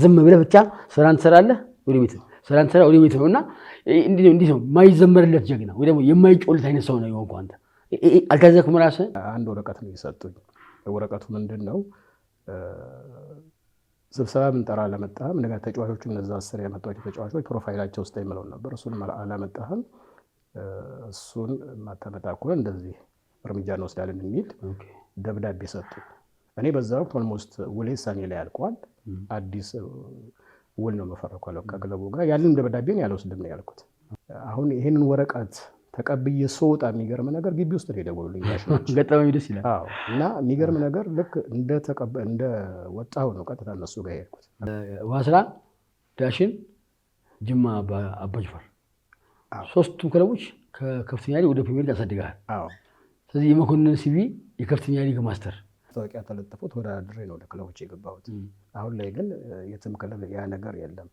ዝም ብለህ ብቻ ስራን ትሰራለህ፣ ወደ ቤት ስራን ትሰራ ወደ ቤት ነው እና እንዲህ ነው የማይዘመርለት ጀግና ወይ ደግሞ የማይጮልት አይነት ሰው ነው የሆንኩ አንተ። አልታዘክም ራስህ። አንድ ወረቀት ነው የሰጡኝ። ወረቀቱ ምንድን ነው? ስብሰባ ብንጠራ አለመጣህም። እንደ ተጫዋቾቹ እነዛ አስር ያመጧቸው ተጫዋቾች ፕሮፋይላቸው ውስጥ የሚለው ነበር። እሱን አላመጣህም። እሱን ማታመጣ ከሆነ እንደዚህ እርምጃ እንወስዳለን የሚል ደብዳቤ ሰጡ። እኔ በዛ ወቅት ኦልሞስት ውሌ ሰኔ ላይ ያልቋል። አዲስ ውል ነው መፈረኩ ያለው ከክለቡ ጋር። ያንን ደብዳቤን ያልወስድም ነው ያልኩት። አሁን ይሄንን ወረቀት ተቀብዬ ስወጣ የሚገርም ነገር ግቢ ውስጥ ነው የደወሉልኝ። ገጠመኝ ደስ ይላል። እና የሚገርም ነገር ልክ እንደ ወጣሁ ነው ቀጥታ እነሱ ጋር የሄድኩት። ዋስራ፣ ዳሽን፣ ጅማ አባጅፋር ሶስቱ ክለቦች ከከፍተኛ ሊግ ወደ ፕሪሚየር ሊግ ያሳድግሃል። ስለዚህ የመኮንን ሲቪ የከፍተኛ ሊግ ማስተር ማስታወቂያ ተለጥፎ ተወዳድሬ ነው ክለቦች የገባሁት። አሁን ላይ ግን የትም ክለብ ያ ነገር የለም።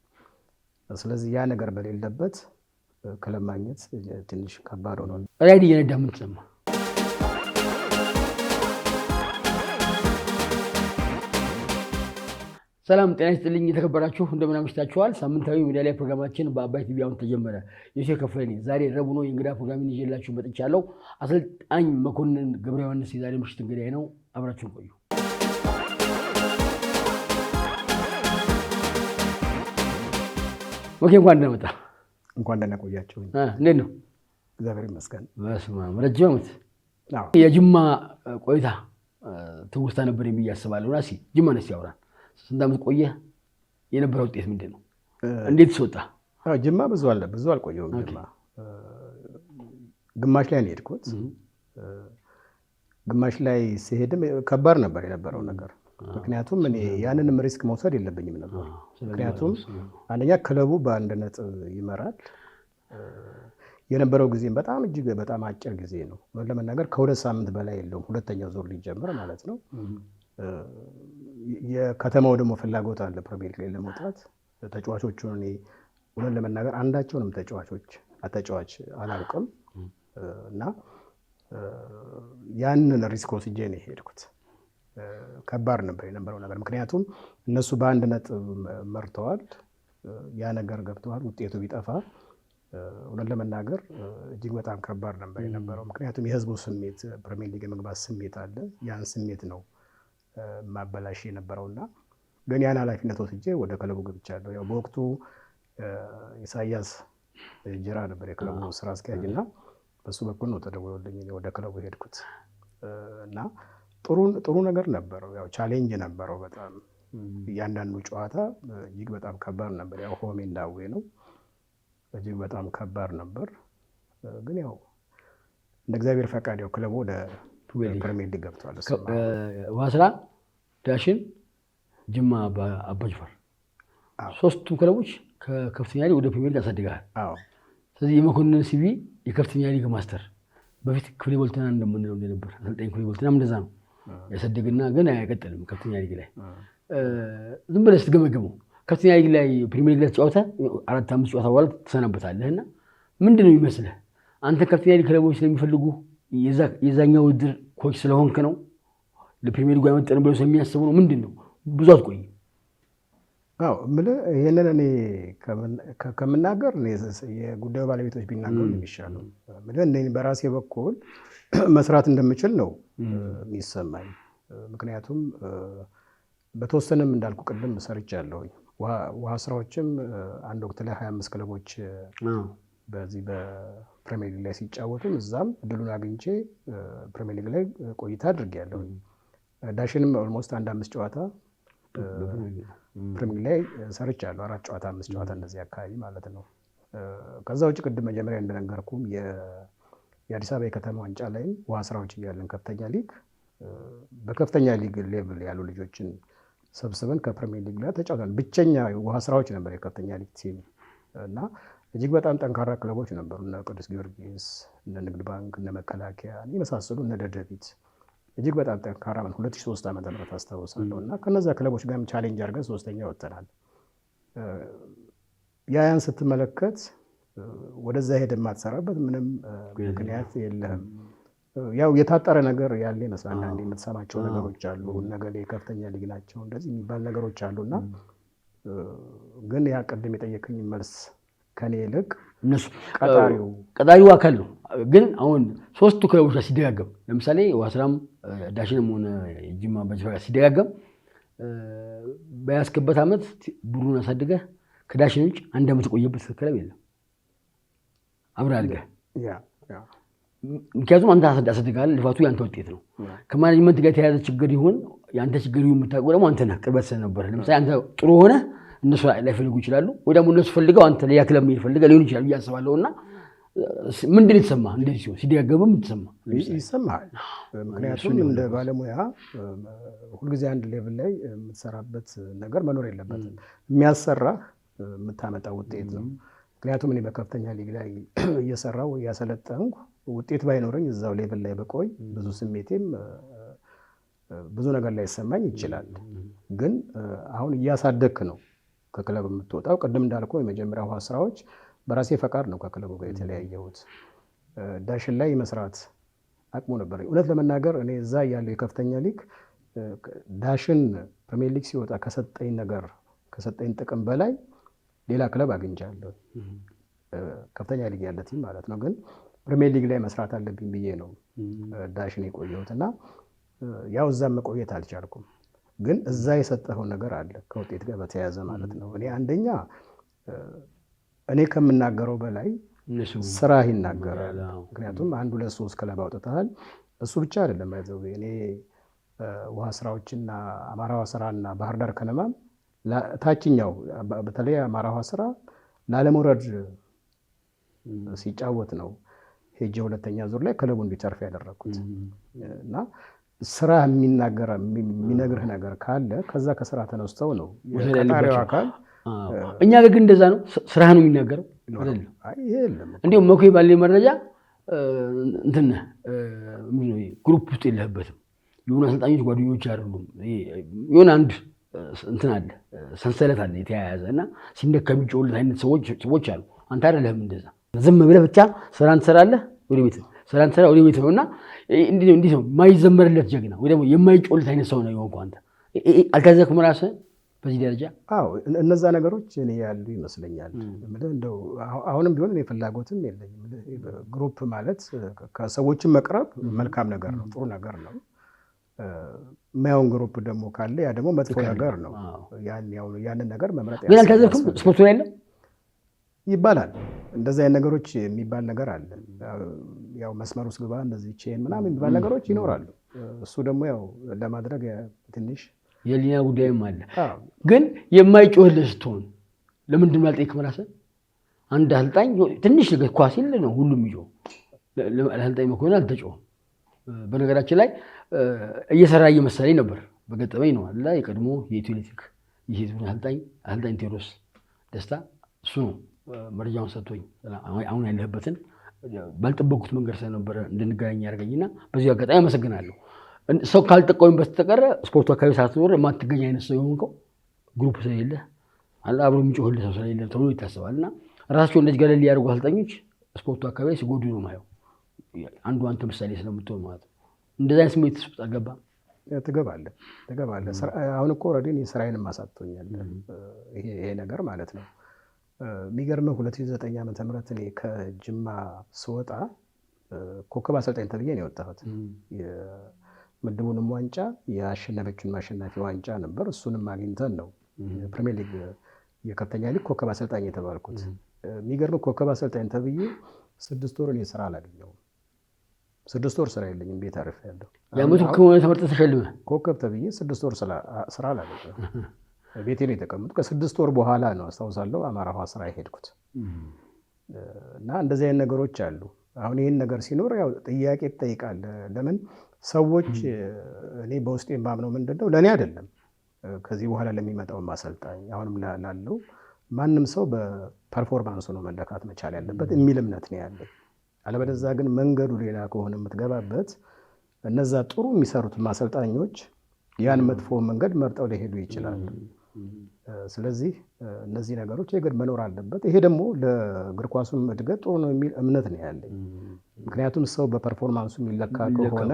ስለዚህ ያ ነገር በሌለበት ክለብ ማግኘት ትንሽ ከባድ ሆኖ ራይድ እየነዳ ምን ተሰማ? ሰላም ጤና ይስጥልኝ። የተከበራችሁ እንደምን አምሽታችኋል። ሳምንታዊ ሜዳሊያ ላይ ፕሮግራማችን በአባይ ቲቪ አሁን ተጀመረ። ዮሴ ከፍለ ነኝ። ዛሬ ረቡዕ ነው። የእንግዳ ፕሮግራሚን ይዤላችሁ መጥቻለሁ። አሰልጣኝ መኮንን ገብረ ዮሐንስ የዛሬ ምሽት እንግዳይ ነው። አብራችሁን ቆዩ። ኦኬ፣ እንኳን ደህና መጣ። እንኳን ደህና ቆያችሁ። እንዴት ነው? እግዚአብሔር ይመስገን። በስመ አብ ረጅም ዓመት የጅማ ቆይታ ትውስታ ነበር ብዬ አስባለሁ። ራሴ ጅማ ነስ ያውራል። ስንት ዓመት ቆየህ? የነበረ ውጤት ምንድን ነው? እንዴት ስወጣ? ጅማ ብዙ አለ ብዙ አልቆየሁም። ግማሽ ላይ ነው የሄድኩት ግማሽ ላይ ሲሄድም ከባድ ነበር የነበረው ነገር። ምክንያቱም እኔ ያንንም ሪስክ መውሰድ የለብኝም ነበር። ምክንያቱም አንደኛ ክለቡ በአንድ ነጥብ ይመራል የነበረው ጊዜም በጣም እጅግ በጣም አጭር ጊዜ ነው ለመናገር ከሁለት ሳምንት በላይ የለውም ሁለተኛው ዙር ሊጀምር ማለት ነው። የከተማው ደግሞ ፍላጎት አለ ፕሪሚየር ሊግ ለመውጣት ተጫዋቾቹን እኔ እውነት ለመናገር አንዳቸውንም ተጫዋቾች ተጫዋች አላውቅም እና ያንን ሪስክ ወስጄ ነው የሄድኩት። ከባድ ነበር የነበረው ነገር፣ ምክንያቱም እነሱ በአንድ ነጥብ መርተዋል። ያ ነገር ገብተዋል። ውጤቱ ቢጠፋ እውነት ለመናገር እጅግ በጣም ከባድ ነበር የነበረው። ምክንያቱም የህዝቡ ስሜት ፕሪሚየር ሊግ የመግባት ስሜት አለ። ያን ስሜት ነው ማበላሽ የነበረውና ግን ያን ኃላፊነት ወስጄ ወደ ክለቡ ገብቻለሁ። ያው በወቅቱ ኢሳያስ ጅራ ነበር የክለቡ ስራ አስኪያጅ እና በሱ በኩል ነው ተደውሎልኝ ወደ ክለቡ ሄድኩት እና ጥሩ ነገር ነበረው። ያው ቻሌንጅ ነበረው በጣም እያንዳንዱ ጨዋታ እጅግ በጣም ከባድ ነበር። ያው ሆሜ እንዳዌ ነው፣ እጅግ በጣም ከባድ ነበር። ግን ያው እንደ እግዚአብሔር ፈቃድ ያው ክለቡ ወደ ፕሪሚየር ሊግ ገብቷል። ዋስራ፣ ዳሽን፣ ጅማ አባጅፈር ሶስቱ ክለቦች ከከፍተኛ ወደ ፕሪሚየር ሊግ ስለዚህ የመኮንን ሲቪ የከፍተኛ ሊግ ማስተር በፊት ክፍሌ ቦልተና እንደምንለው ነበር። አሰልጣኝ ክፍሌ ቦልተና እንደዛ ነው ያሳደግና ግን አይቀጥልም ከፍተኛ ሊግ ላይ ዝም ብለህ ስትገመገመው ከፍተኛ ሊግ ላይ ፕሪሚየር ሊግ ላይ ተጫወተ አራት አምስት ጨዋታ በኋላ ትሰናበታለህ እና ምንድን ነው ይመስልህ አንተ ከፍተኛ ሊግ ክለቦች ስለሚፈልጉ የዛኛው ውድድር ኮች ስለሆንክ ነው ለፕሪሚየር ሊጉ አይመጥንም ብለው ስለሚያስቡ ነው ምንድን ነው ብዙ አትቆይም አዎ የምልህ እኔ ከምናገር የጉዳዩ ባለቤቶች ቢናገሩ የሚሻለው ምልህ በራሴ በኩል መስራት እንደምችል ነው የሚሰማኝ። ምክንያቱም በተወሰነም እንዳልኩ ቅድም ሰርቻለሁኝ። ውሃ ስራዎችም አንድ ወቅት ላይ ሀያ አምስት ክለቦች በዚህ በፕሪሚየር ሊግ ላይ ሲጫወቱም እዛም እድሉን አግኝቼ ፕሪሚየር ሊግ ላይ ቆይታ አድርጌያለሁኝ። ዳሽንም ኦልሞስት አንድ አምስት ጨዋታ ፕሪሚየር ላይ ሰርቻለሁ። አራት ጨዋታ አምስት ጨዋታ እንደዚህ አካባቢ ማለት ነው። ከዛ ውጭ ቅድም መጀመሪያ እንደነገርኩም የአዲስ አበባ የከተማ ዋንጫ ላይም ውሃ ስራዎች እያለን ከፍተኛ ሊግ በከፍተኛ ሊግ ሌቭል ያሉ ልጆችን ሰብስበን ከፕሪሚየር ሊግ ጋር ተጫውተን ብቸኛ ውሃ ስራዎች ነበር የከፍተኛ ሊግ ቲም እና እጅግ በጣም ጠንካራ ክለቦች ነበሩ። እነ ቅዱስ ጊዮርጊስ፣ እነ ንግድ ባንክ፣ እነ መከላከያ የመሳሰሉ እነ ደደቢት እጅግ በጣም ጠንካራ ነው። 2003 ዓመተ ምህረት አስታውሳለሁ እና ከነዛ ክለቦች ጋርም ቻሌንጅ አድርገን ሶስተኛ ወጥተናል። ያያን ስትመለከት ወደዛ ሄደ የማትሰራበት ምንም ምክንያት የለህም። ያው የታጠረ ነገር ያለ ይመስላል። አንድ የምትሰማቸው ነገሮች አሉ። ነገሌ ከፍተኛ ሊግ ናቸው እንደዚህ የሚባል ነገሮች እና ግን ያ ቅድም የጠየቀኝ መልስ ከኔ ይልቅ እነሱ ቀጣሪው አካል ነው ግን አሁን ሶስቱ ክለቦች ጋር ሲደጋገም ለምሳሌ ዋስራም ዳሽንም ሆነ ጅማ በጅፋ ጋር ሲደጋገም በያስክበት ዓመት ቡድኑን አሳድገ ከዳሽን ውጭ አንድ ዓመት የቆየበት ክለብ የለም አብረ አድገህ። ምክንያቱም አንተ አሳድገሃል፣ ልፋቱ የአንተ ውጤት ነው። ከማኔጅመንት ጋር የተያዘ ችግር ይሁን የአንተ ችግር ይሁን የምታውቀው ደግሞ አንተ ነህ፣ ቅርበት ስለነበረ። ለምሳሌ አንተ ጥሩ ሆነ እነሱ ላይፈልጉ ይችላሉ፣ ወይ ደግሞ እነሱ ፈልገው አንተ ሌላ ክለብ መሄድ ፈልገህ ሊሆን ይችላል ብዬ አስባለሁ እና ምንድን የተሰማ እንደዚህ ሲሆን ሲደጋገምም የተሰማ ይሰማል። ምክንያቱም እንደ ባለሙያ ሁልጊዜ አንድ ሌቭል ላይ የምትሰራበት ነገር መኖር የለበትም። የሚያሰራ የምታመጣ ውጤት ነው። ምክንያቱም እኔ በከፍተኛ ሊግ ላይ እየሰራው እያሰለጠንኩ ውጤት ባይኖረኝ እዛው ሌቭል ላይ በቆይ ብዙ ስሜቴም ብዙ ነገር ላይ ይሰማኝ ይችላል። ግን አሁን እያሳደግክ ነው ከክለብ የምትወጣው። ቅድም እንዳልኩ የመጀመሪያ ውሃ ስራዎች በራሴ ፈቃድ ነው ከክለቡ ጋር የተለያየሁት። ዳሽን ላይ መስራት አቅሙ ነበር። እውነት ለመናገር እኔ እዛ ያለው የከፍተኛ ሊግ ዳሽን ፕሪሚየር ሊግ ሲወጣ ከሰጠኝ ነገር ከሰጠኝ ጥቅም በላይ ሌላ ክለብ አግኝቻለሁ። ከፍተኛ ሊግ ያለ ቲም ማለት ነው። ግን ፕሪሚየር ሊግ ላይ መስራት አለብኝ ብዬ ነው ዳሽን የቆየሁት እና ያው እዛ መቆየት አልቻልኩም። ግን እዛ የሰጠኸው ነገር አለ ከውጤት ጋር በተያያዘ ማለት ነው። እኔ አንደኛ እኔ ከምናገረው በላይ ስራ ይናገራል። ምክንያቱም አንድ ሁለት ሶስት ክለብ አውጥተሃል። እሱ ብቻ አይደለም ይዘው እኔ ውሃ ስራዎችና አማራ ውሃ ስራና ባህር ዳር ከነማ ታችኛው በተለይ አማራ ውሃ ስራ ላለመውረድ ሲጫወት ነው ሄጀ ሁለተኛ ዙር ላይ ክለቡ እንዲተርፍ ያደረግኩት እና ስራ የሚናገር የሚነግርህ ነገር ካለ ከዛ ከስራ ተነስተው ነው ቀጣሪው አካል እኛ ግን እንደዛ ነው። ስራ ነው የሚናገረው። እንዲሁም መኩ ባለ መረጃ እንትን ግሩፕ ውስጥ የለህበትም። የሆኑ አሰልጣኞች ጓደኞች አይደሉም። የሆነ አንድ እንትን አለ፣ ሰንሰለት አለ የተያያዘ እና ሲነካ የሚጮህለት አይነት ሰዎች አሉ። አንተ አይደለህም እንደዛ። ዝም ብለህ ብቻ ስራ ትሰራለህ፣ ወደ ቤት ስራን ትሰራ ወደ ቤት ነው እና እንዲህ ነው የማይዘመርለት ጀግና ወይ ደግሞ የማይጮህለት አይነት ሰው ነው የሆንኩ አንተ። አልታዘክም ራስህ በዚህ ደረጃ አዎ፣ እነዛ ነገሮች እኔ ያሉ ይመስለኛል። እንደው አሁንም ቢሆን እኔ ፍላጎትም የለኝም። ግሩፕ ማለት ከሰዎችን መቅረብ መልካም ነገር ነው፣ ጥሩ ነገር ነው። ማየውን ግሩፕ ደግሞ ካለ ያ ደግሞ መጥፎ ነገር ነው። ያንን ነገር መምረጥ ግን አልታዘብክም? ስፖርቱ የለም ይባላል እንደዚህ አይነት ነገሮች የሚባል ነገር አለ። ያው መስመር ውስጥ ግባ እንደዚህ ቼን ምናምን የሚባል ነገሮች ይኖራሉ። እሱ ደግሞ ያው ለማድረግ ትንሽ የሊና ጉዳይም አለ። ግን የማይጮህልህ ስትሆን ለምንድን ነው ያልጠየቅም? አንድ አሰልጣኝ ትንሽ ነገር ኳስ ነው ሁሉም ይጮህ። ለአልጣኝ መኮንን አልተጮህም። በነገራችን ላይ እየሰራ እየመሰለኝ ነበር። በገጠመኝ ነው አለ የቀድሞ የኢትዮ ኤሌክትሪክ የህዝቡን አሰልጣኝ ቴዎድሮስ ደስታ እሱ ነው መረጃውን ሰጥቶኝ አሁን ያለህበትን ባልጠበኩት መንገድ ስለነበረ እንድንገናኝ ያደርገኝና በዚሁ አጋጣሚ አመሰግናለሁ። ሰው ካልጠቀሙ በስተቀረ ስፖርቱ አካባቢ ሳትኖር የማትገኝ አይነት ሰው የሆንከው ግሩፕ ስለሌለ አብሮ የሚጮህልህ ሰው ስለሌለ ተብሎ ይታሰባል። እና ራሳቸው እንደዚህ ገለል ያደርጉ አሰልጣኞች ስፖርቱ አካባቢ ሲጎዱ ነው ማየው። አንዱ አንተ ምሳሌ ስለምትሆን ማለት ነው። እንደዚህ አይነት ስሜት ስጥ አገባ ትገባለ ትገባለ። አሁን እኮ ረዲን እኔ ስራዬን ማሳጥቶኛል ይሄ ነገር ማለት ነው። የሚገርመው ሁለት ሺህ ዘጠኝ ዓመተ ምህረት እኔ ከጅማ ስወጣ ኮከብ አሰልጣኝ ተብዬ ነው የወጣሁት ምድቡንም ዋንጫ ያሸነፈችን ማሸናፊ ዋንጫ ነበር። እሱንም አግኝተን ነው ፕሪሚየር ሊግ የከፍተኛ ሊግ ኮከብ አሰልጣኝ የተባልኩት። የሚገርም ኮከብ አሰልጣኝ ተብዬ ስድስት ወር እኔ ስራ አላገኘሁም። ስድስት ወር ስራ የለኝም፣ ቤት አርፍ ያለው ተሸልመ ኮከብ ተብዬ ስድስት ወር ስራ አላገኘሁም። ቤቴ ነው የተቀመጡ። ከስድስት ወር በኋላ ነው አስታውሳለሁ አማራ ውሃ ስራ የሄድኩት እና እንደዚህ አይነት ነገሮች አሉ። አሁን ይህን ነገር ሲኖር ያው ጥያቄ ትጠይቃለህ። ለምን ሰዎች እኔ በውስጤ የማምነው ምንድን ነው ለእኔ አይደለም ከዚህ በኋላ ለሚመጣው ማሰልጣኝ አሁንም ላለው ማንም ሰው በፐርፎርማንሱ ነው መለካት መቻል ያለበት የሚል እምነት ነው ያለ አለበለዚያ ግን መንገዱ ሌላ ከሆነ የምትገባበት እነዛ ጥሩ የሚሰሩት ማሰልጣኞች ያን መጥፎ መንገድ መርጠው ሊሄዱ ይችላሉ። ስለዚህ እነዚህ ነገሮች የግድ መኖር አለበት። ይሄ ደግሞ ለእግር ኳሱም እድገት ጥሩ ነው የሚል እምነት ነው ያለኝ። ምክንያቱም ሰው በፐርፎርማንሱ የሚለካ ከሆነ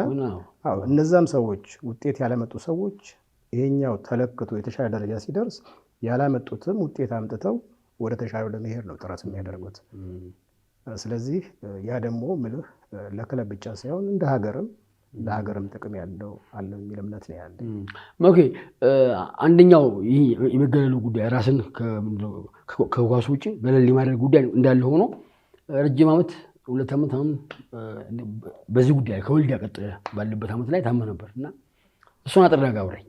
እነዛም ሰዎች ውጤት ያለመጡ ሰዎች ይሄኛው ተለክቶ የተሻለ ደረጃ ሲደርስ ያላመጡትም ውጤት አምጥተው ወደ ተሻለ ለመሄድ ነው ጥረት የሚያደርጉት። ስለዚህ ያ ደግሞ ምልህ ለክለብ ብቻ ሳይሆን እንደ ሀገርም ለሀገርም ጥቅም ያለው አለ የሚል እምነት ነው ያለ። ኦኬ አንደኛው ይህ የመገለሉ ጉዳይ ራስን ከኳሱ ውጭ በለል የማድረግ ጉዳይ እንዳለ ሆኖ ረጅም ዓመት ሁለት ዓመት አሁን በዚህ ጉዳይ ከወልድ ያቀጥ ባለበት ዓመት ላይ ታመ ነበር እና እሱን አጥራጋ አውራኝ።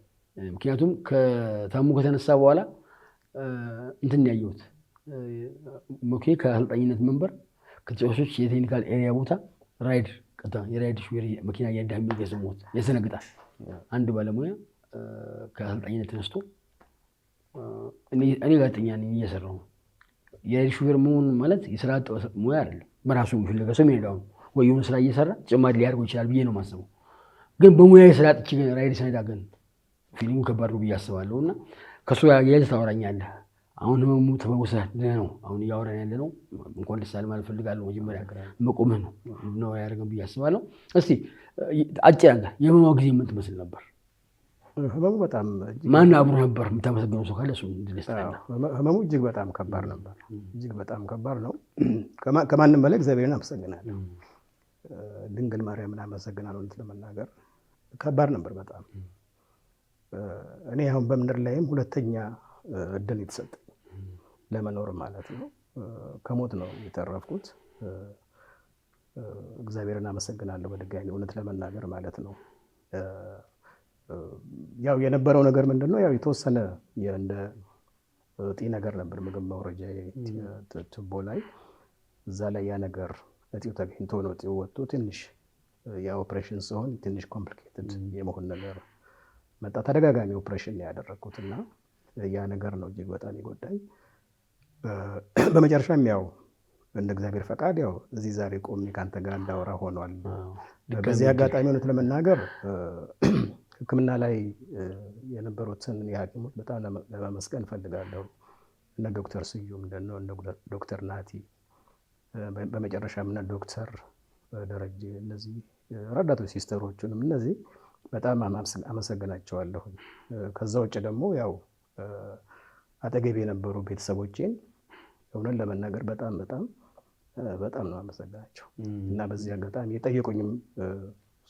ምክንያቱም ከታሙ ከተነሳ በኋላ እንትን ያየሁት ሞኬ ከአሰልጣኝነት መንበር ከተጫዋቾች የቴክኒካል ኤሪያ ቦታ ራይድ ቀጥታ የራይድ ሹፌር መኪና እያዳ የሚል የሰማሁት ያስደነግጣል። አንድ ባለሙያ ከአሰልጣኝነት ተነስቶ እኔ ጋዜጠኛ ነኝ እየሰራሁ የራይድ ሹር መሆን ማለት የስራ ሙያ አይደለም። በራሱ ፍለጋ ሰው ሜዳ ነው ወይ የሆነ ስራ እየሰራ ተጨማሪ ሊያደርገው ይችላል ብዬ ነው የማስበው። ግን በሙያ ስራ ጥቼ ግን ራይድ ሰነዳ ግን ፊልሙ ከባድ ነው ብዬ አስባለሁ። እና ከእሱ ያዝ ታወራኛለህ። አሁን ህመሙ ተፈውሰህ ነው አሁን እያወራን ያለ ነው። እንኳን ደስ አለህ ማለት እፈልጋለሁ። መጀመሪያ መቆምህ ነው ነው ያደርገን ብዬ አስባለሁ። እስቲ አጭር ያለ የህመሟ ጊዜ ምን ትመስል ነበር? ህመሙ በጣም ማን አብሮ ነበር የምታመሰግነው ሰው ካለ ህመሙ እጅግ በጣም ከባድ ነበር። እጅግ በጣም ከባድ ነው። ከማንም በላይ እግዚአብሔርን አመሰግናለሁ። ድንግል ማርያምን አመሰግናለሁ። እውነት ለመናገር ከባድ ነበር በጣም እኔ አሁን በምድር ላይም ሁለተኛ እድል የተሰጥ ለመኖር ማለት ነው። ከሞት ነው የተረፍኩት። እግዚአብሔርን አመሰግናለሁ በድጋሚ እውነት ለመናገር ማለት ነው። ያው የነበረው ነገር ምንድን ነው? ያው የተወሰነ እንደ እጢ ነገር ነበር ምግብ መውረጃ ቱቦ ላይ እዛ ላይ ያ ነገር እጢው ተገኝቶ ነው እጢው ወጥቶ ትንሽ የኦፕሬሽን ሲሆን ትንሽ ኮምፕሊኬትድ የመሆን ነገር መጣ። ተደጋጋሚ ኦፕሬሽን ነው ያደረግኩት እና ያ ነገር ነው እጅግ በጣም ይጎዳኝ በመጨረሻም ያው እንደ እግዚአብሔር ፈቃድ ያው እዚህ ዛሬ ቆሜ ከአንተ ጋር እንዳውራ ሆኗል። በዚህ አጋጣሚ እውነት ለመናገር ሕክምና ላይ የነበሩትን የሐኪሞች በጣም ለማመስገን እፈልጋለሁ። እነ ዶክተር ስዩም ደኖ፣ ዶክተር ናቲ፣ በመጨረሻ እነ ዶክተር ደረጀ እነዚህ ረዳቶች ሲስተሮቹንም እነዚህ በጣም አመሰግናቸዋለሁ። ከዛ ውጭ ደግሞ ያው አጠገብ የነበሩ ቤተሰቦቼን እውነን ለመናገር በጣም በጣም በጣም ነው አመሰግናቸው እና በዚህ አጋጣሚ የጠየቁኝም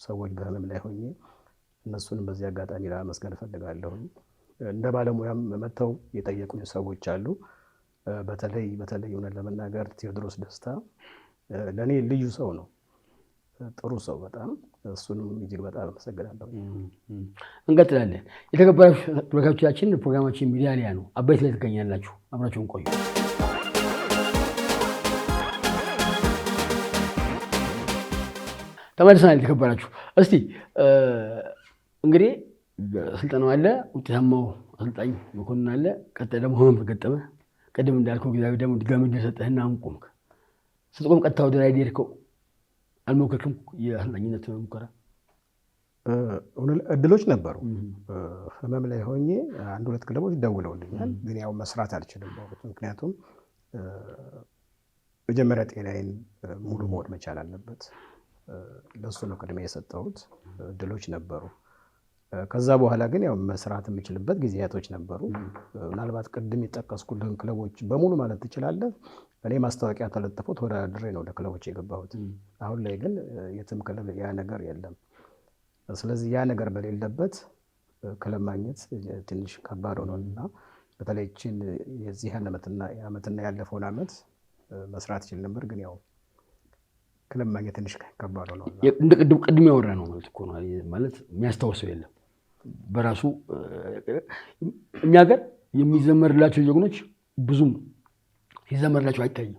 ሰዎች በህመም ላይ ሆኜ እነሱንም በዚህ አጋጣሚ ለማመስገን እፈልጋለሁ። እንደ ባለሙያም መጥተው የጠየቁኝ ሰዎች አሉ። በተለይ በተለይ እውነት ለመናገር ቴዎድሮስ ደስታ ለእኔ ልዩ ሰው ነው። ጥሩ ሰው በጣም እሱንም እጅግ በጣም አመሰግናለሁ። እንቀጥላለን። የተከበራችሁ ተመልካቾቻችን ፕሮግራማችን ሚዲያሊያ ነው። አበይት ላይ ትገኛላችሁ። አብራችሁን ቆዩ። ተመልሰናል። የተከበራችሁ እስቲ እንግዲህ ስልጠናው አለ፣ ውጤታማው አሰልጣኝ መኮንን አለ። ቀጣይ ደግሞ ህመም ተገጠመ። ቅድም እንዳልከው እግዚአብሔር ደግሞ ድጋሚ እንደሰጠህና ቆምክ። ስትቆም ቀጥታ ወደ ላይ ሄድከው፣ አልሞከርክም? የአሰልጣኝነት ሙከራ እድሎች ነበሩ። ህመም ላይ ሆኜ አንድ ሁለት ክለቦች ደውለውልኛል፣ ግን ያው መስራት አልችልም። ምክንያቱም መጀመሪያ ጤናዬን ሙሉ መሆን መቻል አለበት። ለእሱ ነው ቅድሚያ የሰጠሁት። እድሎች ነበሩ ከዛ በኋላ ግን ያው መስራት የምችልበት ጊዜያቶች ነበሩ። ምናልባት ቅድም የጠቀስኩልን ክለቦች በሙሉ ማለት ትችላለህ። እኔ ማስታወቂያ ተለጥፎ ተወዳድሬ ነው ወደ ክለቦች የገባሁት። አሁን ላይ ግን የትም ክለብ ያ ነገር የለም። ስለዚህ ያ ነገር በሌለበት ክለብ ማግኘት ትንሽ ከባድ ሆኗል እና በተለይችን የዚህ ዓመትና ያለፈውን ዓመት መስራት ይችል ነበር ግን ያው ክለብ ማግኘት ትንሽ ከባድ ሆኗል። ቅድም ያወራ ነው ማለት እኮ ነው ማለት የሚያስታውሰው የለም በራሱ እኛ ሀገር የሚዘመርላቸው ጀግኖች ብዙም ሲዘመርላቸው አይታይም፣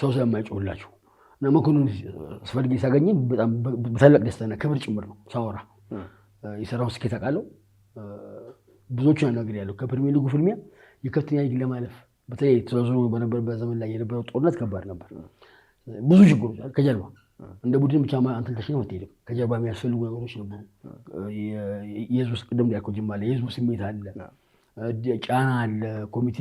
ሰው ስለማይጮህላቸው እና መኮንን አስፈልጌ ሳገኘኝ በጣም በታላቅ ደስታና ክብር ጭምር ነው ሳወራ የሰራውን ስኬት አውቃለሁ። ብዙዎቹን ያለው ከፕሪሚየር ሊጉ ፍልሚያ የከፍተኛ ሊግ ለማለፍ በተለይ ተዘዋውሮ በነበረበት ዘመን ላይ የነበረው ጦርነት ከባድ ነበር። ብዙ ችግሮች ከጀርባ እንደ ቡድን ብቻ አንተን ተሽነ አትሄድም። ከጀርባ የሚያስፈልጉ ነገሮች ነበሩ። የህዝቡ ቅድም ሊያኮ ጅማለ የህዝቡ ስሜት አለ፣ ጫና አለ፣ ኮሚቴ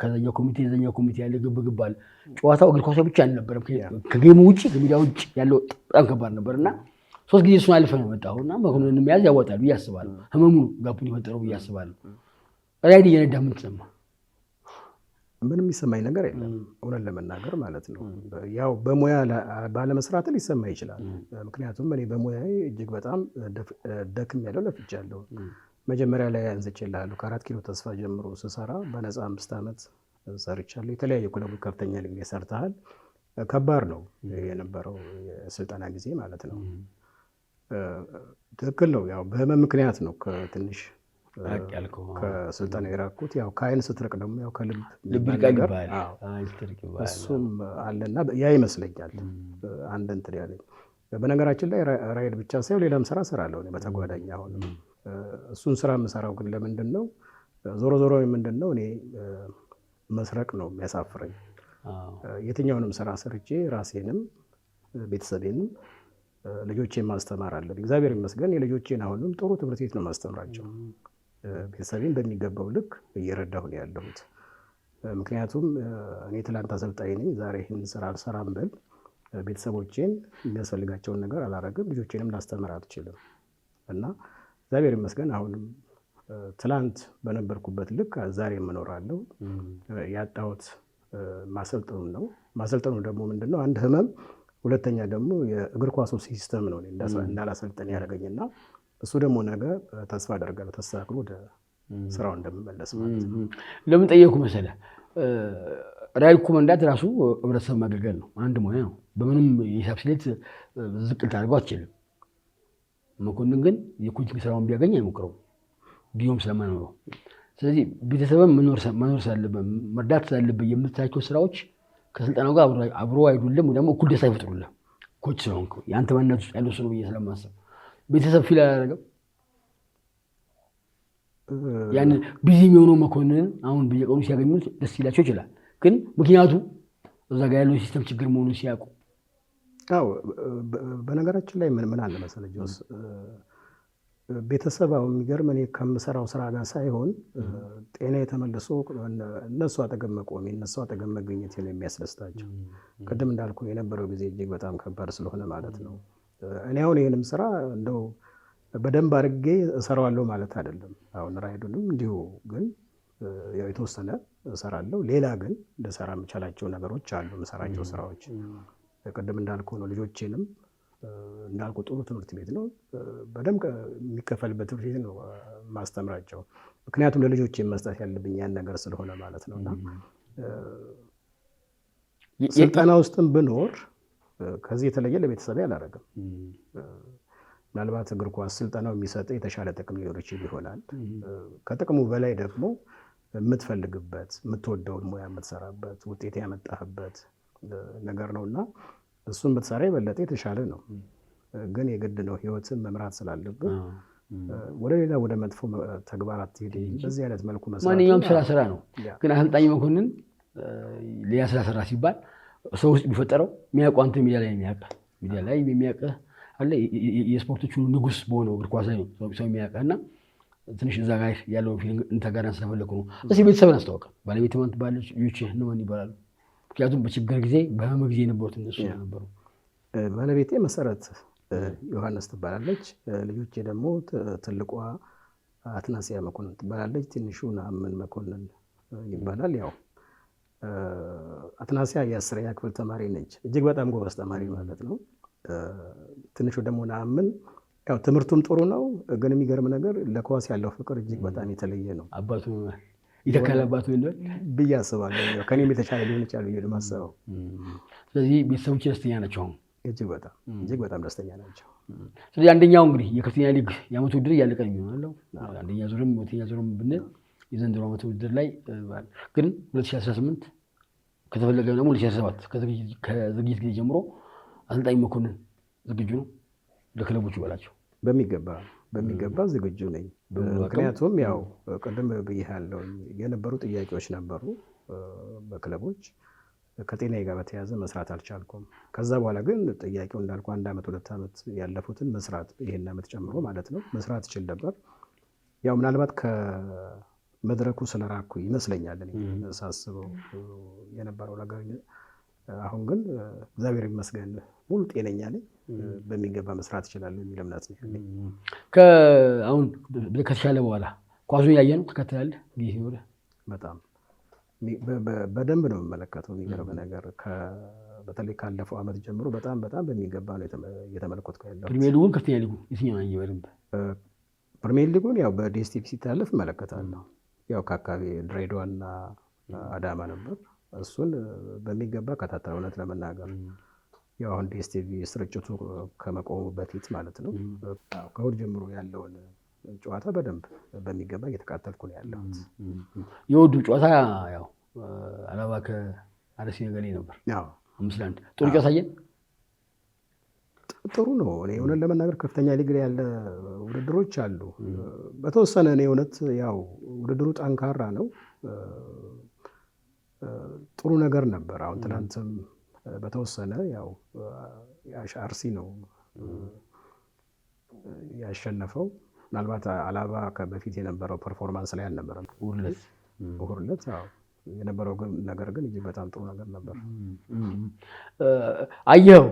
ከዛኛው ኮሚቴ የዛኛው ኮሚቴ ያለ ግብግብ አለ። ጨዋታው እግር ኳሱ ብቻ አልነበረም። ከጌሙ ውጭ ከሜዳ ውጭ ያለው በጣም ከባድ ነበር እና ሶስት ጊዜ እሱን አልፈ ነው መጣሁ እና መኮንን መያዝ ያዋጣል ብዬ አስባለሁ። ህመሙ ጋፑን የፈጠረው ብዬ አስባለሁ። ራይድ እየነዳ ምን ትሰማ ምንም የሚሰማኝ ነገር የለም እውነት ለመናገር ማለት ነው። ያው በሙያ ባለመስራት ሊሰማ ይችላል። ምክንያቱም እኔ በሙያ እጅግ በጣም ደክም ያለው ለፍቻለሁ። መጀመሪያ ላይ አንስቼልሃለሁ ከአራት ኪሎ ተስፋ ጀምሮ ስሰራ በነፃ አምስት ዓመት ሰርቻለሁ። የተለያዩ ክለቦች ከፍተኛ ሊግ ሰርተሃል። ከባድ ነው የነበረው የስልጠና ጊዜ ማለት ነው። ትክክል ነው። ያው በህመም ምክንያት ነው ከትንሽ ከስልጣን የራኩት ያው ከአይን ስትርቅ ደግሞ ያው ከልብ እሱም አለና ያ ይመስለኛል አንድ እንትን ያለኝ። በነገራችን ላይ ራይድ ብቻ ሳይሆን ሌላም ስራ እሰራለሁ በተጓዳኝ። አሁንም እሱን ስራ የምሰራው ግን ለምንድን ነው? ዞሮ ዞሮ ምንድን ነው እኔ መስረቅ ነው የሚያሳፍረኝ። የትኛውንም ስራ ሰርቼ ራሴንም ቤተሰቤንም ልጆቼን ማስተማር አለብኝ። እግዚአብሔር ይመስገን የልጆቼን አሁንም ጥሩ ትምህርት ቤት ነው ማስተምራቸው። ቤተሰቤን በሚገባው ልክ እየረዳሁ ነው ያለሁት። ምክንያቱም እኔ ትላንት አሰልጣኝ ነኝ፣ ዛሬ ይህን ስራ አልሰራም ብል ቤተሰቦቼን የሚያስፈልጋቸውን ነገር አላረግም፣ ልጆቼንም ላስተምር አልችልም እና እግዚአብሔር ይመስገን አሁንም ትላንት በነበርኩበት ልክ ዛሬ የምኖራለው። ያጣሁት ማሰልጠኑ ነው። ማሰልጠኑ ደግሞ ምንድን ነው? አንድ ህመም፣ ሁለተኛ ደግሞ የእግር ኳሱ ሲስተም ነው እንዳላሰልጠን ያደረገኝና እሱ ደግሞ ነገ ተስፋ አደርጋለሁ ተስተካክሎ ወደ ስራው እንደምመለስ ማለት ነው። ለምን ጠየኩ መሰለህ? ራዕይ ራሱ ህብረተሰብ ማገልገል ነው፣ አንድ ሙያ ነው። በምንም የሂሳብ ስሌት ዝቅ ልታደርገው አትችልም። መኮንን ግን የኮችንግ ስራውን ቢያገኝ አይሞክረው ጊዜውም ስለማይኖረው ስለዚህ ቤተሰብም መኖር ሳለብህ መርዳት ሳለብህ የምታያቸው ስራዎች ከስልጠናው ጋር አብሮ አይዱልም፣ ደግሞ እኩል ደስ አይፈጥሩልም። ኮች ስለሆንክ የአንተ ማነት ውስጥ ያለው ስለሆነ ብዬ ስለማሰብ ቤተሰብ ፊል አያደርግም። ያንን ቢዚ የሚሆነው መኮንንን አሁን በየቀኑ ሲያገኙት ደስ ይላቸው ይችላል። ግን ምክንያቱ እዛ ጋ ያለው ሲስተም ችግር መሆኑን ሲያውቁ። ው በነገራችን ላይ ምን አለ መሰለ ጆስ፣ ቤተሰብ አሁን የሚገርም እኔ ከምሰራው ስራ ጋር ሳይሆን ጤና የተመልሶ እነሱ አጠገብ መቆሜ እነሱ አጠገብ መገኘት የሚያስደስታቸው ቅድም እንዳልኩ የነበረው ጊዜ እጅግ በጣም ከባድ ስለሆነ ማለት ነው። እኔ አሁን ይህንም ስራ እንደው በደንብ አድርጌ እሰራዋለሁ ማለት አይደለም። አሁን ራይዱንም እንዲሁ ግን የተወሰነ እሰራለሁ። ሌላ ግን እንደሰራ የምቻላቸው ነገሮች አሉ። የምሰራቸው ስራዎች ቅድም እንዳልኩ ነው። ልጆቼንም እንዳልኩ ጥሩ ትምህርት ቤት ነው፣ በደንብ የሚከፈልበት ትምህርት ቤት ነው ማስተምራቸው። ምክንያቱም ለልጆቼ መስጠት ያለብኝ ያን ነገር ስለሆነ ማለት ነው እና ስልጠና ውስጥም ብኖር ከዚህ የተለየ ለቤተሰብ አላደርግም። ምናልባት እግር ኳስ ስልጠናው የሚሰጥ የተሻለ ጥቅም ሊኖር ይችል ይሆናል። ከጥቅሙ በላይ ደግሞ የምትፈልግበት የምትወደውን ሙያ የምትሰራበት ውጤት ያመጣህበት ነገር ነው እና እሱን ብትሰራ የበለጠ የተሻለ ነው። ግን የግድ ነው ህይወትን መምራት ስላለብህ ወደ ሌላ ወደ መጥፎ ተግባራት አትሄድ። በዚህ አይነት መልኩ ማንኛውም ስራ ስራ ነው። ግን አሰልጣኝ መኮንን ሌላ ስራ ስራ ሲባል ሰው ውስጥ የሚፈጠረው የሚያውቀው አንተ ሚዲያ ላይ የሚያውቀህ ሚዲያ ላይ የሚያውቀህ አለ የስፖርቶች ንጉስ በሆነው እግር ኳስ ሰው የሚያውቀህ እና ትንሽ እዛ ጋር ያለውን ፊልም እንተጋራን ስለፈለኩ ነው። እስኪ ቤተሰብን አስተዋውቀን። ባለቤት ማን ትባላለች? ልጆች እነማን ይባላሉ? ምክንያቱም በችግር ጊዜ በህመም ጊዜ የነበሩት እነሱ ነበሩ። ባለቤቴ መሰረት ዮሐንስ ትባላለች። ልጆቼ ደግሞ ትልቋ አትናሲያ መኮንን ትባላለች፣ ትንሹ ነአምን መኮንን ይባላል። ያው አትናሲያ የአስረኛ ክፍል ተማሪ ነች። እጅግ በጣም ጎበዝ ተማሪ ማለት ነው። ትንሹ ደግሞ ናምን ያው ትምህርቱም ጥሩ ነው፣ ግን የሚገርም ነገር ለኳስ ያለው ፍቅር እጅግ በጣም የተለየ ነው። አባቱ ይተካላባቱ ይሆናል ብዬ አስባለሁ። ከኔም የተሻለ ሊሆን ይችላል ብዬ ማሰበው። ስለዚህ ቤተሰቦች ደስተኛ ናቸው። እጅግ በጣም እጅግ በጣም ደስተኛ ናቸው። ስለዚህ አንደኛው እንግዲህ የከፍተኛ ሊግ የአመቱ ውድድር እያለቀ የሚሆናለው አንደኛ ዙርም ሁለተኛ ዙርም ብንል የዘንድሮ አመቱ ውድድር ላይ ግን 2018 ከተፈለገ ደግሞ ለ ሰባት ከዝግጅት ጊዜ ጀምሮ አሰልጣኝ መኮንን ዝግጁ ነው ለክለቦቹ ይበላቸው በሚገባ በሚገባ ዝግጁ ነኝ። ምክንያቱም ያው ቅድም ብያለሁ የነበሩ ጥያቄዎች ነበሩ በክለቦች ከጤና ጋር በተያያዘ መስራት አልቻልኩም። ከዛ በኋላ ግን ጥያቄው እንዳልኩ አንድ ዓመት ሁለት ዓመት ያለፉትን መስራት ይሄን ዓመት ጨምሮ ማለት ነው መስራት ይችል ነበር። ያው ምናልባት መድረኩ ስለራኩ ይመስለኛል ሳስበው የነበረው ነገር። አሁን ግን እግዚአብሔር ይመስገን ሙሉ ጤነኛ ነኝ፣ በሚገባ መስራት እችላለሁ የሚል እምነት ነው ከተሻለ በኋላ ኳሱ እያየ ነው ትከትላለህ? ይህ ወደ በጣም በደንብ ነው የምመለከተው። የሚገርም ነገር በተለይ ካለፈው ዓመት ጀምሮ በጣም በጣም በሚገባ ነው እየተመለከትኩ ያለው። ፕሪሚየር ሊጉን ከፍተኛ ሊጉ የትኛው በደንብ ፕሪሚየር ሊጉን ያው በዲኤስቲቪ ሲተላለፍ እመለከታለሁ። ያው ከአካባቢ ድሬዳዋና አዳማ ነበር። እሱን በሚገባ ከታተል እውነት ለመናገር ያው አሁን ዲኤስቲቪ ስርጭቱ ከመቆሙ በፊት ማለት ነው። ከእሁድ ጀምሮ ያለውን ጨዋታ በደንብ በሚገባ እየተካተልኩ ነው ያለሁት። የወዱ ጨዋታ ያው አላባ ከአርሲ ነገሌ ነበር አምስት ለአንድ ጥሩ ጨዋታ ጥሩ ነው። እኔ እውነት ለመናገር ከፍተኛ ሊግ ያለ ውድድሮች አሉ። በተወሰነ እኔ እውነት ያው ውድድሩ ጠንካራ ነው። ጥሩ ነገር ነበር። አሁን ትናንትም በተወሰነ ያው አርሲ ነው ያሸነፈው። ምናልባት አላባ በፊት የነበረው ፐርፎርማንስ ላይ አልነበረም። ሁርለት የነበረው ነገር ግን እጅግ በጣም ጥሩ ነገር ነበር። አየኸው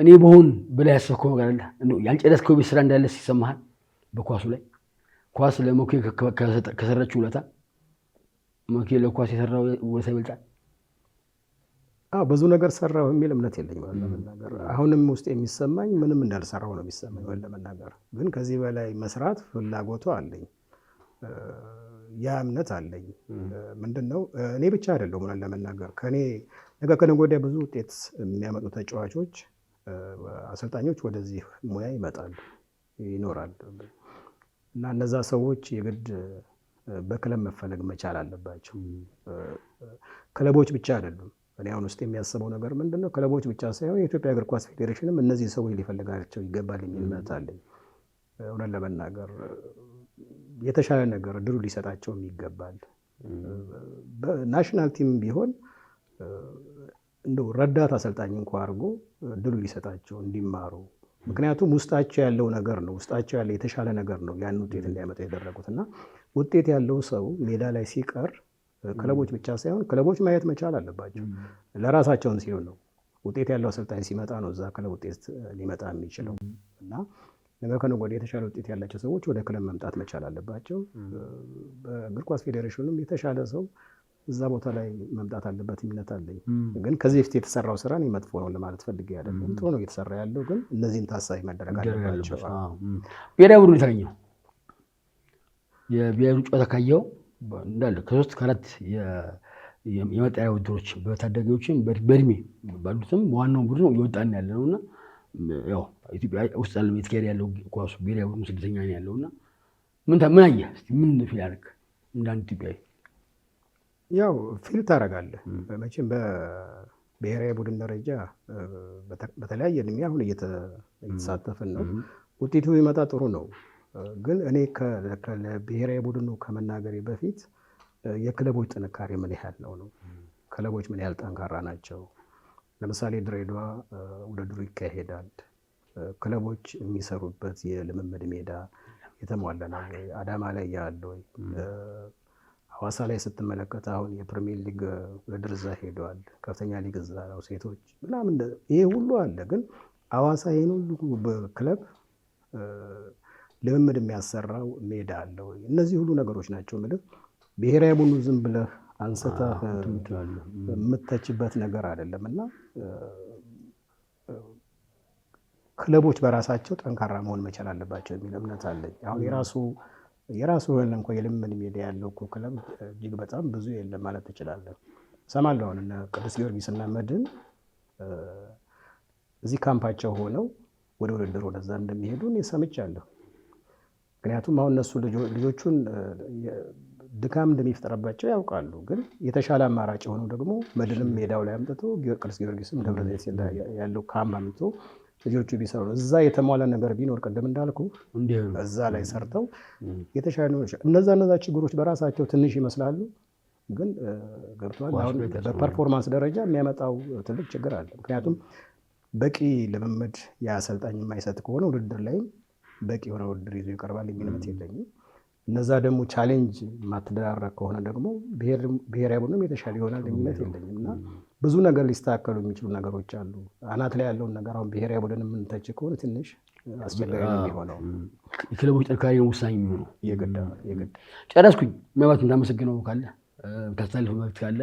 እኔ በሆን ብላ ያሰብከው ነገር አለ። ያልጨረስከው ቤት ስራ እንዳለ ይሰማሃል። በኳሱ ላይ ኳስ ለሞኬ ከሰረችው ውለታ ሞኬ ለኳስ የሰራው ውለታ ይበልጣል። ብዙ ነገር ሰራው የሚል እምነት የለኝም ለመናገር። አሁንም ውስጥ የሚሰማኝ ምንም እንዳልሰራው ነው የሚሰማኝ ለመናገር። ግን ከዚህ በላይ መስራት ፍላጎቱ አለኝ፣ ያ እምነት አለኝ። ምንድን ነው እኔ ብቻ አይደለሁም ለመናገር ከኔ ነገ ከነገ ወዲያ ብዙ ውጤት የሚያመጡ ተጫዋቾች አሰልጣኞች ወደዚህ ሙያ ይመጣሉ ይኖራል እና እነዛ ሰዎች የግድ በክለብ መፈለግ መቻል አለባቸው። ክለቦች ብቻ አይደሉም። እኔ አሁን ውስጥ የሚያስበው ነገር ምንድን ነው? ክለቦች ብቻ ሳይሆን የኢትዮጵያ እግር ኳስ ፌዴሬሽንም እነዚህ ሰዎች ሊፈልጋቸው ይገባል የሚል እምነት አለኝ። እውነት ለመናገር የተሻለ ነገር ድሉ ሊሰጣቸውም ይገባል። ናሽናል ቲም ቢሆን እንደው ረዳት አሰልጣኝ እንኳ አድርጎ ድሉ ሊሰጣቸው እንዲማሩ ምክንያቱም ውስጣቸው ያለው ነገር ነው። ውስጣቸው ያለ የተሻለ ነገር ነው ያን ውጤት እንዲያመጣ ያደረጉት እና ውጤት ያለው ሰው ሜዳ ላይ ሲቀር ክለቦች ብቻ ሳይሆን ክለቦች ማየት መቻል አለባቸው። ለራሳቸውን ሲሉ ነው ውጤት ያለው አሰልጣኝ ሲመጣ ነው እዛ ክለብ ውጤት ሊመጣ የሚችለው እና ለመከነው ወደ የተሻለ ውጤት ያላቸው ሰዎች ወደ ክለብ መምጣት መቻል አለባቸው። በእግር ኳስ ፌዴሬሽኑም የተሻለ ሰው እዛ ቦታ ላይ መምጣት አለበት እምነት አለኝ። ግን ከዚህ በፊት የተሰራው ስራ እኔ መጥፎ ነው ለማለት ፈልጌ አይደለም። ጥሩ ነው እየተሰራ ያለው ግን እነዚህን ታሳቢ መደረግ አለባቸው። ብሔራዊ ቡድኑ የተገኘው የብሔራዊ ጨዋታ ካየው እንዳለ ከሶስት ከአራት የመጣያ ውድሮች በታዳጊዎችም በእድሜ ባሉትም ዋናው ቡድን እየወጣን ያለ ነው እና ያው ኢትዮጵያ ውስጥ ያለ የተካሄደ ያለው ኳሱ ብሔራዊ ቡድኑ ስድስተኛ ያለው እና ምን አየህ? ምን ፊል አደረግ እንዳንድ ኢትዮጵያዊ ያው ፊል ታደርጋለህ መቼም በብሔራዊ ቡድን ደረጃ በተለያየ እድሜ አሁን እየተሳተፍን ነው። ውጤቱ የሚመጣ ጥሩ ነው። ግን እኔ ለብሔራዊ ቡድኑ ከመናገሬ በፊት የክለቦች ጥንካሬ ምን ያህል ነው ነው ክለቦች ምን ያህል ጠንካራ ናቸው? ለምሳሌ ድሬዳዋ ውድድሩ ይካሄዳል። ክለቦች የሚሰሩበት የልምምድ ሜዳ የተሟላ ነው። አዳማ ላይ ያለ ሐዋሳ ላይ ስትመለከት አሁን የፕሪሚየር ሊግ ውድድር እዛ ሄደዋል። ከፍተኛ ሊግ እዛ ነው ሴቶች ምናምን ይሄ ሁሉ አለ። ግን ሐዋሳ ይህን ሁሉ ክለብ ልምምድ የሚያሰራው ሜዳ አለው። እነዚህ ሁሉ ነገሮች ናቸው። ምልክ ብሔራዊ ቡኑ ዝም ብለህ አንስተህ የምተችበት ነገር አይደለም እና ክለቦች በራሳቸው ጠንካራ መሆን መቻል አለባቸው የሚል እምነት አለኝ። አሁን የራሱ የራሱ የሆነ እንኳ የልምን ሜዳ ያለው እኮ ክለብ እጅግ በጣም ብዙ የለም ማለት ትችላለህ። እሰማለሁ አሁን ቅዱስ ጊዮርጊስና መድን እዚህ ካምፓቸው ሆነው ወደ ውድድር ወደዛ እንደሚሄዱ እኔ ሰምቻለሁ። ምክንያቱም አሁን እነሱ ልጆቹን ድካም እንደሚፈጠረባቸው ያውቃሉ። ግን የተሻለ አማራጭ የሆነው ደግሞ መድንም ሜዳው ላይ አምጥቶ ቅዱስ ጊዮርጊስም ደብረ ያለው ካምፕ አምጥቶ ልጆቹ ቢሰሩ እዛ የተሟላ ነገር ቢኖር ቅድም እንዳልኩ እዛ ላይ ሰርተው የተሻለ እነዛ እነዛ ችግሮች በራሳቸው ትንሽ ይመስላሉ፣ ግን ገብተዋል። አሁን በፐርፎርማንስ ደረጃ የሚያመጣው ትልቅ ችግር አለ። ምክንያቱም በቂ ልምምድ የአሰልጣኝ የማይሰጥ ከሆነ ውድድር ላይም በቂ የሆነ ውድድር ይዞ ይቀርባል የሚል እምነት የለኝም። እነዛ ደግሞ ቻሌንጅ ማትደራረግ ከሆነ ደግሞ ብሔራዊ ቡድንም የተሻለ ይሆናል የሚለት የለኝም እና ብዙ ነገር ሊስተካከሉ የሚችሉ ነገሮች አሉ። አናት ላይ ያለውን ነገር አሁን ብሔራዊ ቡድን የምንተች ከሆነ ትንሽ አስቸጋሪ ነው የሚሆነው። የክለቦች ጥንካሬ ውሳኝ የሚሆነው የግድ ጨረስኩኝ። ምናልባት እንዳመሰግነው ካለ ታስተላልፈው መብት ካለ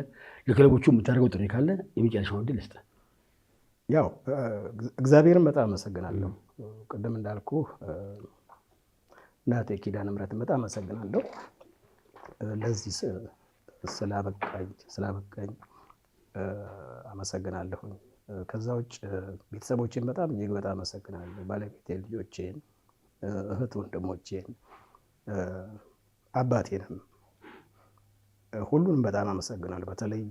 ለክለቦቹ የምታደርገው ጥሪ ካለ የመጨረሻውን ዕድል ስጥ። ያው እግዚአብሔርን በጣም አመሰግናለሁ። ቅድም እንዳልኩ እናቴ ኪዳነ ምሕረትን በጣም አመሰግናለሁ ለዚህ ስላበቃኝ ስላበቃኝ አመሰግናለሁኝ። ከዛ ውጭ ቤተሰቦቼን በጣም እጅግ በጣም አመሰግናለሁ። ባለቤቴ፣ ልጆቼን፣ እህት ወንድሞቼን፣ አባቴንም ሁሉንም በጣም አመሰግናለሁ። በተለይ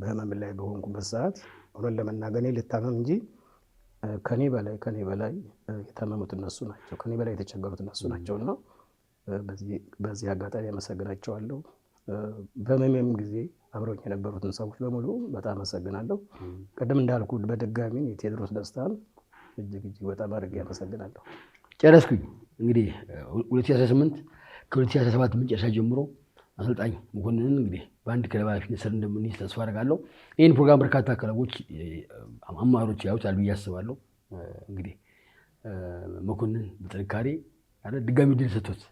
በህመም ላይ በሆንኩበት ሰዓት እውነት ለመናገኔ ልታመም እንጂ ከኔ በላይ ከኔ በላይ የታመሙት እነሱ ናቸው። ከኔ በላይ የተቸገሩት እነሱ ናቸው እና በዚህ አጋጣሚ አመሰግናቸዋለሁ። በመሜም ጊዜ አብረኝ የነበሩትን ሰዎች በሙሉ በጣም አመሰግናለሁ። ቅድም እንዳልኩ በድጋሚ የቴዎድሮስ ደስታን እጅግ እጅግ በጣም አድርጌ አመሰግናለሁ። ጨረስኩኝ። እንግዲህ 2018 ከ2017 መጨረሻ ጀምሮ አሰልጣኝ መኮንንን እንግዲህ በአንድ ክለብ ኃላፊነት ስር እንደምንይዝ ተስፋ አደርጋለሁ። ይህን ፕሮግራም በርካታ ክለቦች አማሮች ያዩታል ብዬ አስባለሁ። እንግዲህ መኮንን በጥንካሬ ድጋሚ ድል ሰጥቶት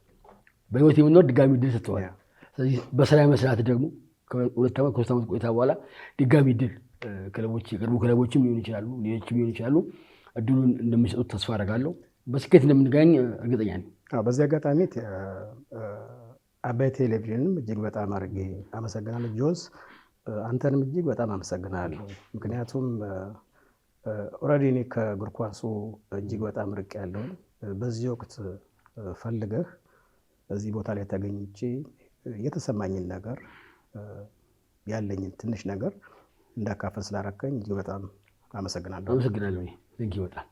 በህይወት የምኖር ድጋሚ ድል ሰጥተዋል። ስለዚህ በስራ መስራት ደግሞ ሁለት ዓመት ከሶስት ዓመት ቆይታ በኋላ ድጋሚ ድል ክለቦች የቅርቡ ክለቦችም ሊሆን ይችላሉ፣ ሌሎችም ሊሆን ይችላሉ። እድሉን እንደሚሰጡት ተስፋ አደርጋለሁ። በስኬት እንደምንገናኝ እርግጠኛ ነኝ። በዚህ አጋጣሚ አባይ ቴሌቪዥንም እጅግ በጣም አድርጌ አመሰግናለሁ። ጆስ አንተንም እጅግ በጣም አመሰግናለሁ። ምክንያቱም ኦልሬዲ እኔ ከእግር ኳሱ እጅግ በጣም ርቅ ያለውን በዚህ ወቅት ፈልገህ እዚህ ቦታ ላይ ተገኝቼ የተሰማኝን ነገር ያለኝን ትንሽ ነገር እንዳካፈል ስላረከኝ እጅግ በጣም አመሰግናለሁ። አመሰግናለሁ። ህግ ይወጣል።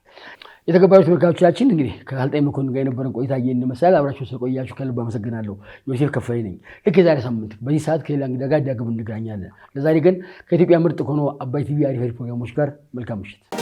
የተገባዩ ተመልካቾቻችን እንግዲህ ከአልጣይ መኮንን ጋር የነበረን ቆይታ ይህን መሰላል። አብራችሁ ስለቆያችሁ ከልብ አመሰግናለሁ። ዮሴፍ ከፋይ ነኝ። ልክ የዛሬ ሳምንት በዚህ ሰዓት ከሌላ እንግዳ ጋር ዳግም እንገናኛለን። ለዛሬ ግን ከኢትዮጵያ ምርጥ ከሆነ አባይ ቲቪ አሪፍ ፕሮግራሞች ጋር መልካም ምሽት።